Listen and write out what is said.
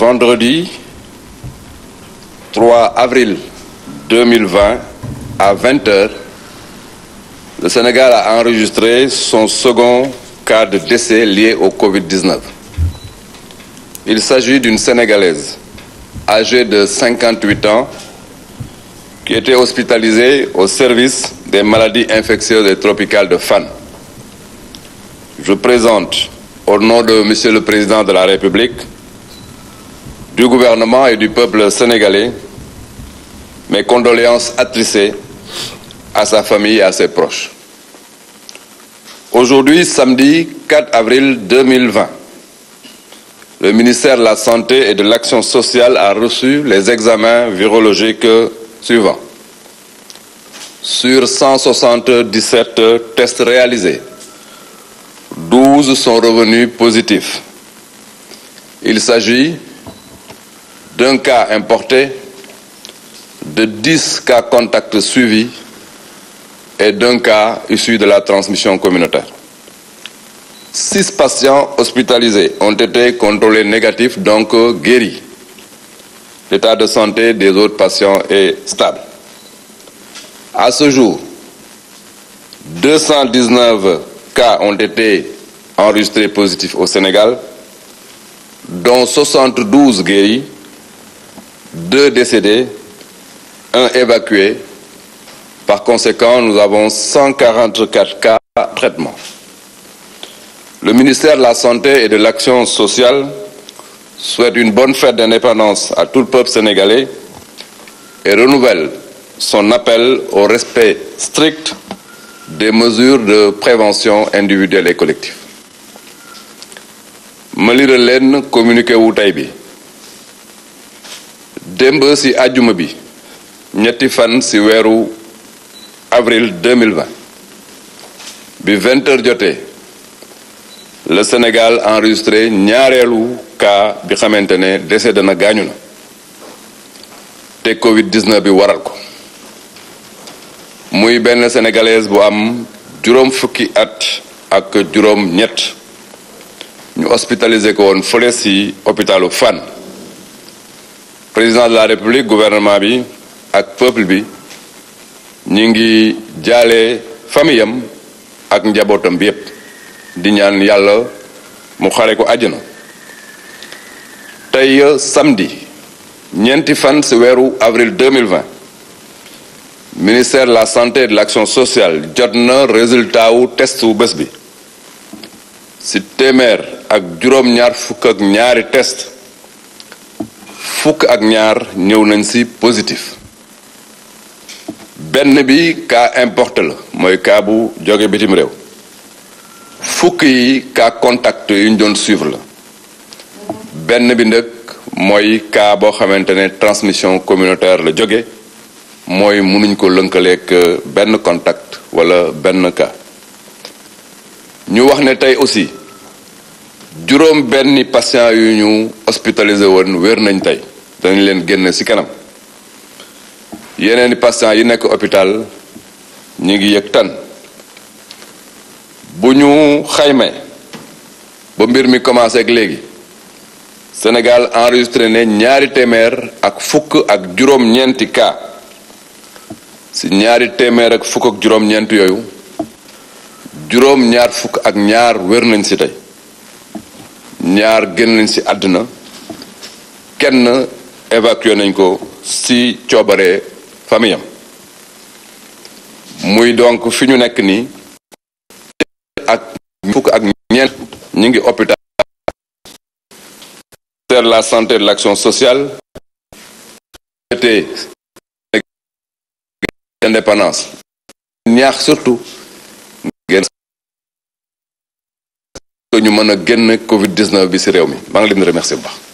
vendredi 3 avril 2020 à 20h, le Sénégal a enregistré son second cas de décès lié au Covid-19. Il s'agit d'une Sénégalaise âgée de 58 ans qui était hospitalisée au service des maladies infectieuses et tropicales de FAN. Je présente, au nom de Monsieur le Président de la République, du gouvernement et du peuple sénégalais, mes condoléances attristées à sa famille et à ses proches. Aujourd'hui, samedi 4 avril 2020, le ministère de la Santé et de l'Action sociale a reçu les examens virologiques suivants. Sur 177 tests réalisés, 12 sont revenus positifs. Il s'agit d'un cas importé, de 10 cas contacts suivis et d'un cas issu de la transmission communautaire. Six patients hospitalisés ont été contrôlés négatifs, donc guéris. L'état de santé des autres patients est stable. À ce jour, 219 cas ont été enregistrés positifs au Sénégal, dont 72 guéris deux décédés, un évacué. Par conséquent, nous avons 144 cas de traitement. Le ministère de la Santé et de l'Action sociale souhaite une bonne fête d'indépendance à tout le peuple sénégalais et renouvelle son appel au respect strict des mesures de prévention individuelle et collective. Mali communiqué démb ci àjjuma bi ñetti fan ci weeru avril 2020 bi vingt heures jotee le Sénégal enregistré ñaareelu cas bi xamante ne décédé na gaañu na te Covid-19 bi waral ko muy benn sénégalaise bu am juróom fukki at ak juróom ñett ñu hospitalisé ko woon fële ci hôpitalu Fann président de la république gouvernement bi ak peuple bi ñi ngi jaale famiyam ak njabootam bi yépp di ñaan yàlla mu xare ko àjjana tey euh, samedi ñeenti fan si weeru avril 2020 ministère la santé et de l'action sociale jot na résultat wu test wu bés bi si téeméer ak juróom-ñaar fukk ak ñaari test fuk ak ñaar ñew nañ ci positif benn bi ka importe la mooy cas bu jóge bitim réew fukk yi ka contact yu ñu doon suivre la benn bi nag mooy cas transmission communautaire la jóge mooy mënuñ ko lënkaleek euh, benn contact wala benn cas ñu wax ne tey aussi juróom benni patient yu ñu hospitalisé woon wér nañ tey danañ leen génn ci kanam yeneeni patient yi nekk hôpital ñu ngi yëg tan bu ñu xaymee ba mbir mi commencé ak léegi Sénégal enregistré ne ñaari téeméer ak fukk ak juróom-ñeenti cas ci ñaari téeméer ak fukk ak juróom-ñeent yooyu juróom-ñaar fukk ak ñaar wér nañ ci tey ñaar génn nañ ci àdduna kenn évacué nañ ko si coobaree famille am donc fi ñu nekk ak fukk ak ñeent ñu ngi hôpital de la santé de l'action sociale été indépendance ñaax surtout ngeen ñu mën a covid 19 bi si réew mi maa ngi leen di remercier baax